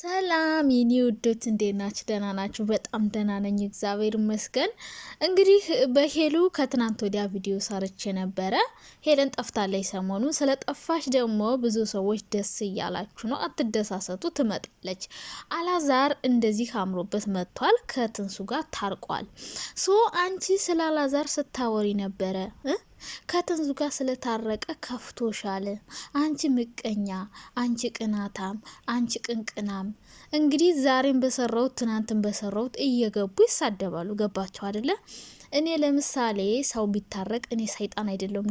ሰላም የኔ ውዶች እንዴት ናችሁ? ደህና ናችሁ? በጣም ደህና ነኝ፣ እግዚአብሔር ይመስገን። እንግዲህ በሄሉ ከትናንት ወዲያ ቪዲዮ ሰርቼ ነበረ። ሄለን ጠፍታለች ሰሞኑን። ስለ ጠፋች ደግሞ ብዙ ሰዎች ደስ እያላችሁ ነው፣ አትደሳሰቱ፣ ትመጣለች። አላዛር እንደዚህ አምሮበት መጥቷል፣ ከትንሱ ጋር ታርቋል። ሶ አንቺ ስለ አላዛር ስታወሪ ነበረ ከትንሱ ጋር ስለታረቀ ከፍቶሻል። አንቺ ምቀኛ፣ አንቺ ቅናታም፣ አንቺ ቅንቅናም። እንግዲህ ዛሬን በሰራሁት ትናንትን በሰራሁት እየገቡ ይሳደባሉ። ገባቸው አደለ? እኔ ለምሳሌ ሰው ቢታረቅ እኔ ሰይጣን አይደለሁም።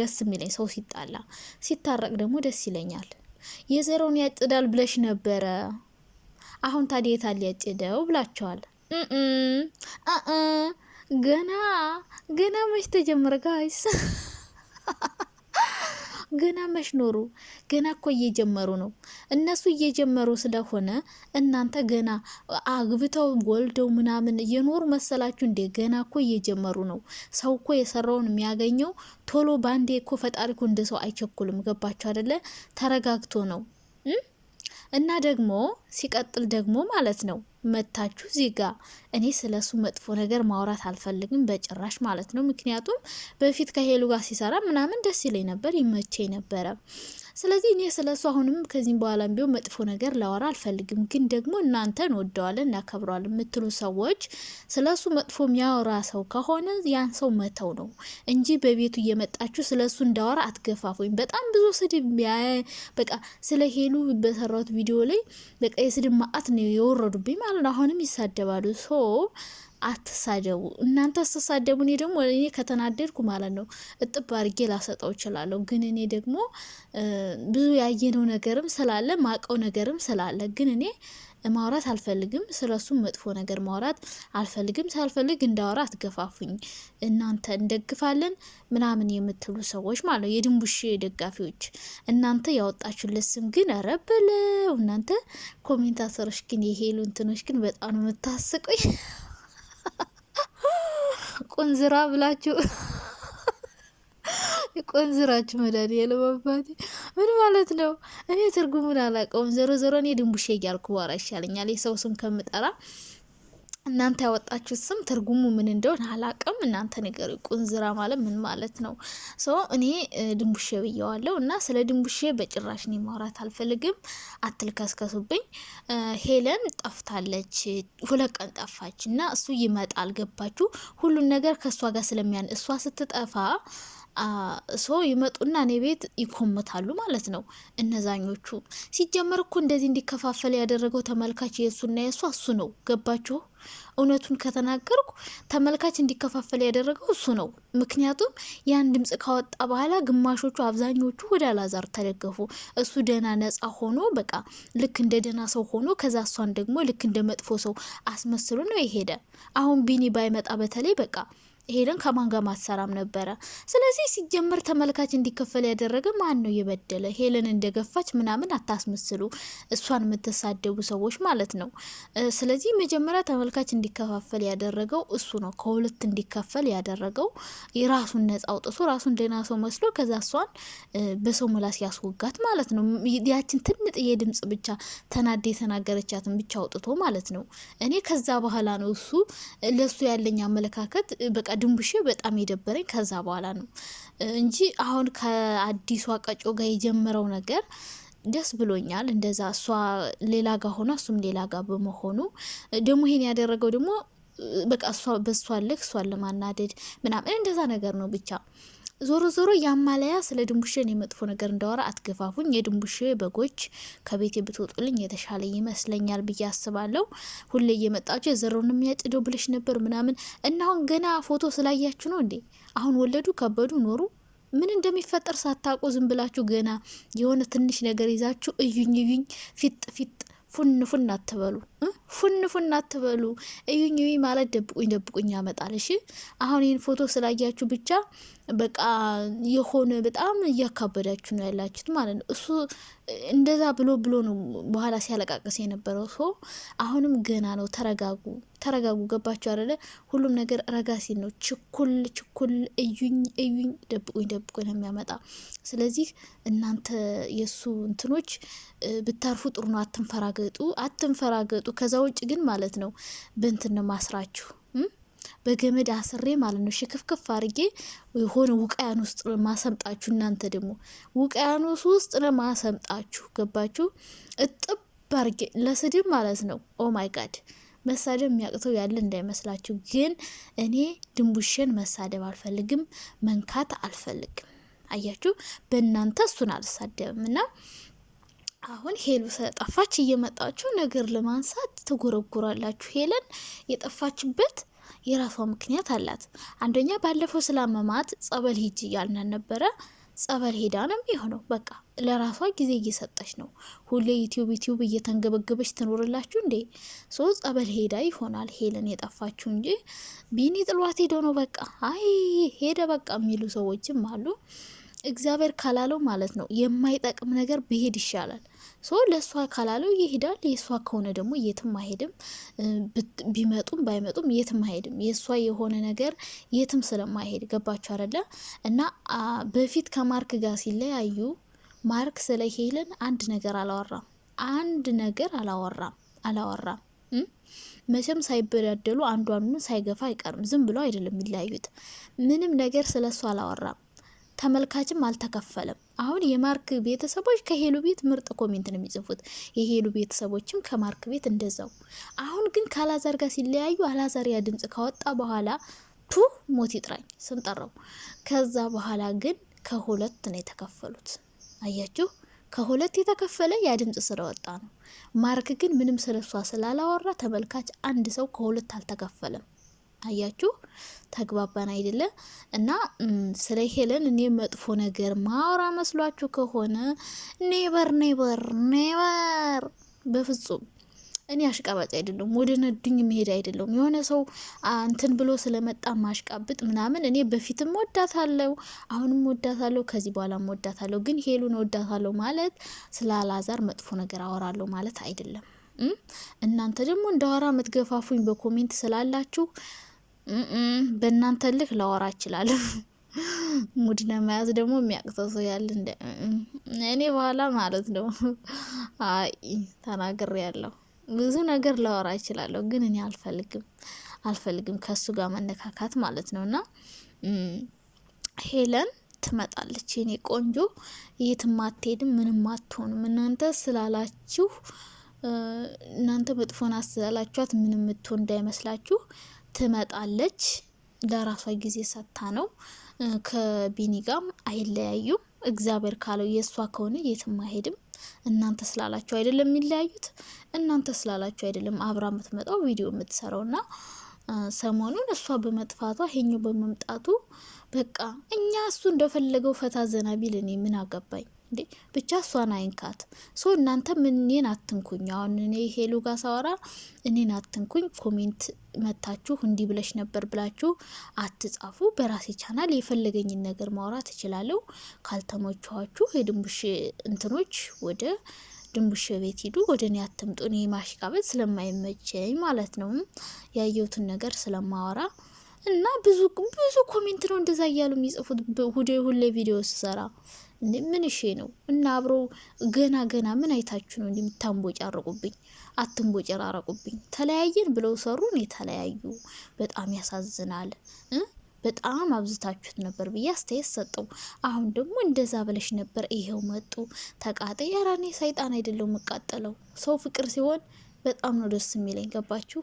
ደስ የሚለኝ ሰው ሲጣላ፣ ሲታረቅ ደግሞ ደስ ይለኛል። የዘረውን ያጭዳል ብለሽ ነበረ። አሁን ታዲያ የታል ያጭደው ብላቸዋል። ገና ገና መች ተጀመረ ጋይስ? ገና መች ኖሩ? ገና እኮ እየጀመሩ ነው። እነሱ እየጀመሩ ስለሆነ እናንተ ገና አግብተው ወልደው ምናምን የኖሩ መሰላችሁ እንዴ? ገና እኮ እየጀመሩ ነው። ሰው እኮ የሰራውን የሚያገኘው ቶሎ ባንዴ እኮ ፈጣሪ እኮ እንደ ሰው አይቸኩልም። ገባችሁ አደለ ተረጋግቶ ነው እና ደግሞ ሲቀጥል ደግሞ ማለት ነው መታችሁ እዚህ ጋ እኔ ስለሱ መጥፎ ነገር ማውራት አልፈልግም በጭራሽ ማለት ነው። ምክንያቱም በፊት ከሄሉ ጋር ሲሰራ ምናምን ደስ ይለኝ ነበር፣ ይመቼ ነበረ። ስለዚህ እኔ ስለ እሱ አሁንም ከዚህም በኋላም ቢሆን መጥፎ ነገር ላወራ አልፈልግም። ግን ደግሞ እናንተ እንወደዋለን እናከብረዋለን የምትሉ ሰዎች ስለ እሱ መጥፎ የሚያወራ ሰው ከሆነ ያን ሰው መተው ነው እንጂ በቤቱ እየመጣችሁ ስለ እሱ እንዳወራ አትገፋፉኝ። በጣም ብዙ ስድብ በቃ ስለ ሄሉ በሰራሁት ቪዲዮ ላይ በቃ የስድብ ማአት ነው የወረዱብኝ ማለት ነው። አሁንም ይሳደባሉ ሶ አትሳደቡ። እናንተ አስተሳደቡ፣ እኔ ደግሞ እኔ ከተናደድኩ ማለት ነው እጥብ አድርጌ ላሰጠው እችላለሁ። ግን እኔ ደግሞ ብዙ ያየነው ነገርም ስላለ ማቀው ነገርም ስላለ ግን እኔ ማውራት አልፈልግም። ስለሱም መጥፎ ነገር ማውራት አልፈልግም። ሳልፈልግ እንዳወራ አትገፋፉኝ። እናንተ እንደግፋለን ምናምን የምትሉ ሰዎች ማለት ነው የድንቡሽ ደጋፊዎች፣ እናንተ ያወጣችሁለት ስም ግን ረበለው። እናንተ ኮሜንታተሮች ግን የሄሉ እንትኖች ግን በጣም ነው የምታስቆኝ። ቁንዝራ ብላችሁ ቆንዝራችሁ መድኃኒዓለም አባቴ ምን ማለት ነው? እኔ ትርጉሙን አላውቀውም። ዞሮ ዞሮ እኔ ድንቡሼ እያልኩ ዋራ ይሻለኛል የሰው ስም ከምጠራ እናንተ ያወጣችሁት ስም ትርጉሙ ምን እንደሆነ አላቅም። እናንተ ነገር ቁንዝራ ማለት ምን ማለት ነው? ሶ እኔ ድንቡሼ ብየዋለሁ እና ስለ ድንቡሼ በጭራሽ እኔ ማውራት አልፈልግም። አትልከስከሱብኝ። ሄለን ጠፍታለች፣ ሁለት ቀን ጠፋች እና እሱ ይመጣል። ገባችሁ? ሁሉን ነገር ከእሷ ጋር ስለሚያን እሷ ስትጠፋ ሰው ይመጡና እኔ ቤት ይኮምታሉ ማለት ነው። እነዛኞቹ ሲጀመር እኮ እንደዚህ እንዲከፋፈል ያደረገው ተመልካች የእሱና የእሱ እሱ ነው። ገባችሁ? እውነቱን ከተናገርኩ ተመልካች እንዲከፋፈል ያደረገው እሱ ነው። ምክንያቱም ያን ድምጽ ካወጣ በኋላ ግማሾቹ አብዛኞቹ ወደ አላዛር ተደገፉ። እሱ ደህና ነጻ ሆኖ በቃ ልክ እንደ ደህና ሰው ሆኖ ከዛ እሷን ደግሞ ልክ እንደ መጥፎ ሰው አስመስሎ ነው የሄደ። አሁን ቢኒ ባይመጣ በተለይ በቃ ሄለን ከማን ጋር ማሰራም ነበረ። ስለዚህ ሲጀመር ተመልካች እንዲከፈል ያደረገ ማን ነው የበደለ? ሄለን እንደገፋች ምናምን አታስመስሉ፣ እሷን የምትሳደቡ ሰዎች ማለት ነው። ስለዚህ መጀመሪያ ተመልካች እንዲከፋፈል ያደረገው እሱ ነው። ከሁለት እንዲከፈል ያደረገው የራሱን ነጻ አውጥቶ ራሱን ደህና ሰው መስሎ ከዛ እሷን በሰው ምላስ ያስወጋት ማለት ነው። ያችን ትንጥ ድምጽ ብቻ ተናደ የተናገረቻትን ብቻ አውጥቶ ማለት ነው። እኔ ከዛ በኋላ ነው እሱ ለእሱ ያለኝ አመለካከት በቃ ድንቡሼ በጣም የደበረኝ ከዛ በኋላ ነው እንጂ አሁን ከአዲሷ ቀጮ ጋር የጀመረው ነገር ደስ ብሎኛል። እንደዛ እሷ ሌላ ጋር ሆና እሱም ሌላ ጋር በመሆኑ ደግሞ ይሄን ያደረገው ደግሞ በቃ እሷ በእሷ ልክ እሷን ለማናደድ ምናምን እንደዛ ነገር ነው ብቻ ዞሮ ዞሮ ያማለያ ስለ ድንቡሼ እኔ መጥፎ ነገር እንዳወራ አትገፋፉኝ። የድንቡሼ በጎች ከቤት ብትወጡልኝ የተሻለ ይመስለኛል ብዬ አስባለሁ። ሁሌ እየመጣችሁ የዘረውን የሚያጭደው ብለሽ ነበር ምናምን እና አሁን ገና ፎቶ ስላያችሁ ነው እንዴ? አሁን ወለዱ፣ ከበዱ፣ ኖሩ ምን እንደሚፈጠር ሳታውቁ ዝም ብላችሁ ገና የሆነ ትንሽ ነገር ይዛችሁ እዩኝ እዩኝ፣ ፊጥ ፊጥ፣ ፉን ፉን አትበሉ። ፉን ፉን አትበሉ። እዩኝ ዩ ማለት ደብቁኝ ደብቁኝ ያመጣል። እሺ አሁን ይህን ፎቶ ስላያችሁ ብቻ በቃ የሆነ በጣም እያካበዳችሁ ነው ያላችሁት ማለት ነው። እሱ እንደዛ ብሎ ብሎ ነው በኋላ ሲያለቃቅስ የነበረው ሰው። አሁንም ገና ነው። ተረጋጉ ተረጋጉ። ገባችሁ አይደለ? ሁሉም ነገር ረጋ ሲል ነው ችኩል ችኩል፣ እዩኝ እዩኝ፣ ደብቁኝ ደብቁኝ ነው የሚያመጣ። ስለዚህ እናንተ የእሱ እንትኖች ብታርፉ ጥሩ ነው። አትንፈራገጡ አትንፈራገጡ ከዛ ውጭ ግን ማለት ነው በእንትን ማስራችሁ በገመድ አስሬ ማለት ነው ሽክፍክፍ አድርጌ የሆነ ውቅያኖስ ውስጥ ማሰምጣችሁ። እናንተ ደግሞ ውቅያኖስ ውስጥ ነው ማሰምጣችሁ። ገባችሁ? እጥብ አድርጌ ለስድብ ማለት ነው። ኦ ማይ ጋድ መሳደብ የሚያቅተው ያለ እንዳይመስላችሁ። ግን እኔ ድንቡሽን መሳደብ አልፈልግም፣ መንካት አልፈልግም። አያችሁ፣ በእናንተ እሱን አልሳደብም እና አሁን ሄሉ ስለጠፋች እየመጣችሁ ነገር ለማንሳት ትጎረጉራላችሁ። ሄለን የጠፋችበት የራሷ ምክንያት አላት። አንደኛ ባለፈው ስላመማት ጸበል ሂጅ እያልናን ነበረ። ጸበል ሄዳ ነው የሚሆነው። በቃ ለራሷ ጊዜ እየሰጠች ነው። ሁሌ ዩቲዩብ ዩቲዩብ እየተንገበገበች ትኖርላችሁ እንዴ? ሶ ጸበል ሄዳ ይሆናል ሄለን የጠፋችሁ እንጂ ቢኒ ጥሏት ሄዶ ነው በቃ አይ ሄደ በቃ የሚሉ ሰዎችም አሉ። እግዚአብሔር ካላለው ማለት ነው የማይጠቅም ነገር ብሄድ ይሻላል። ሶ ለእሷ ካላለው ይሄዳል። የእሷ ከሆነ ደግሞ የትም አይሄድም። ቢመጡም ባይመጡም የትም አይሄድም። የእሷ የሆነ ነገር የትም ስለማይሄድ ገባችሁ አይደለ? እና በፊት ከማርክ ጋር ሲለያዩ ማርክ ስለ ሄለን አንድ ነገር አላወራም። አንድ ነገር አላወራም አላወራም። መቼም ሳይበዳደሉ አንዷን ሳይገፋ አይቀርም። ዝም ብሎ አይደለም የሚለያዩት። ምንም ነገር ስለ እሷ አላወራም። ተመልካችም አልተከፈለም። አሁን የማርክ ቤተሰቦች ከሄሉ ቤት ምርጥ ኮሜንት ነው የሚጽፉት፣ የሄሉ ቤተሰቦችም ከማርክ ቤት እንደዛው። አሁን ግን ከአላዛር ጋር ሲለያዩ አላዛር ያ ድምጽ ካወጣ በኋላ ቱ ሞት ይጥራኝ ስም ጠራው። ከዛ በኋላ ግን ከሁለት ነው የተከፈሉት። አያችሁ ከሁለት የተከፈለ ያ ድምጽ ስለወጣ ነው። ማርክ ግን ምንም ስለሷ ስላላወራ ተመልካች አንድ ሰው ከሁለት አልተከፈለም። አያችሁ ተግባባን አይደለ? እና ስለ ሄለን እኔ መጥፎ ነገር ማውራ መስሏችሁ ከሆነ ኔበር ኔበር ኔበር፣ በፍጹም እኔ አሽቃባጭ አይደለሁም። ወደ ነዱኝ መሄድ አይደለሁም። የሆነ ሰው እንትን ብሎ ስለመጣ ማሽቃብጥ ምናምን፣ እኔ በፊትም ወዳታለሁ፣ አሁንም ወዳታለሁ፣ ከዚህ በኋላም ወዳታለሁ። ግን ሄሉን ወዳታለሁ ማለት ስለ አላዛር መጥፎ ነገር አወራለሁ ማለት አይደለም። እናንተ ደግሞ እንዳወራ ምትገፋፉኝ በኮሜንት ስላላችሁ በእናንተ ልክ ላወራ ይችላል። ሙድ ለመያዝ ደግሞ የሚያቅተው ሰው ያለ እንደ እኔ በኋላ ማለት ነው። አይ ተናግሬ ያለው ብዙ ነገር ላወራ ይችላለሁ፣ ግን እኔ አልፈልግም አልፈልግም ከሱ ጋር መነካካት ማለት ነው። እና ሄለን ትመጣለች የኔ ቆንጆ፣ የትም አትሄድም፣ ምንም አትሆንም። እናንተ ስላላችሁ እናንተ መጥፎን አስላላችኋት ምንም ምትሆን እንዳይመስላችሁ ትመጣለች። ለራሷ ጊዜ ሰጥታ ነው። ከቢኒ ጋም አይለያዩም። እግዚአብሔር ካለው የእሷ ከሆነ የትም አይሄድም። እናንተ ስላላችሁ አይደለም የሚለያዩት፣ እናንተ ስላላችሁ አይደለም አብራ የምትመጣው ቪዲዮ የምትሰራው ና ሰሞኑን እሷ በመጥፋቷ ይሄኛው በመምጣቱ በቃ እኛ እሱ እንደፈለገው ፈታ ዘና ቢል እኔ ምን አገባኝ። እንዴ ብቻ እሷን አይንካት። ሶ እናንተም እኔን አትንኩኝ። አሁን እኔ ሄሉ ጋ ሳወራ እኔን አትንኩኝ። ኮሜንት መታችሁ እንዲህ ብለሽ ነበር ብላችሁ አትጻፉ። በራሴ ቻናል የፈለገኝን ነገር ማውራት እችላለሁ። ካልተሞቻችሁ የድንቡሽ እንትኖች ወደ ድንቡሽ ቤት ሂዱ፣ ወደ እኔ አትምጡ። እኔ ማሽቃበት ስለማይመቸኝ ማለት ነው ያየሁትን ነገር ስለማወራ እና ብዙ ብዙ ኮሜንት ነው እንደዛ እያሉ የሚጽፉት ሁሌ ቪዲዮ ስሰራ ምን እሺ ነው እና አብሮ ገና ገና ምን አይታችሁ ነው እንደምታንቦጫረቁብኝ? አረቁብኝ ተለያየን ብለው ሰሩን የተለያዩ በጣም ያሳዝናል። በጣም አብዝታችሁት ነበር ብዬ አስተያየት ሰጠው። አሁን ደግሞ እንደዛ ብለሽ ነበር፣ ይሄው መጡ ተቃጠ። ያራኔ ሰይጣን አይደለው የምቃጠለው። ሰው ፍቅር ሲሆን በጣም ነው ደስ የሚለኝ። ገባችሁ?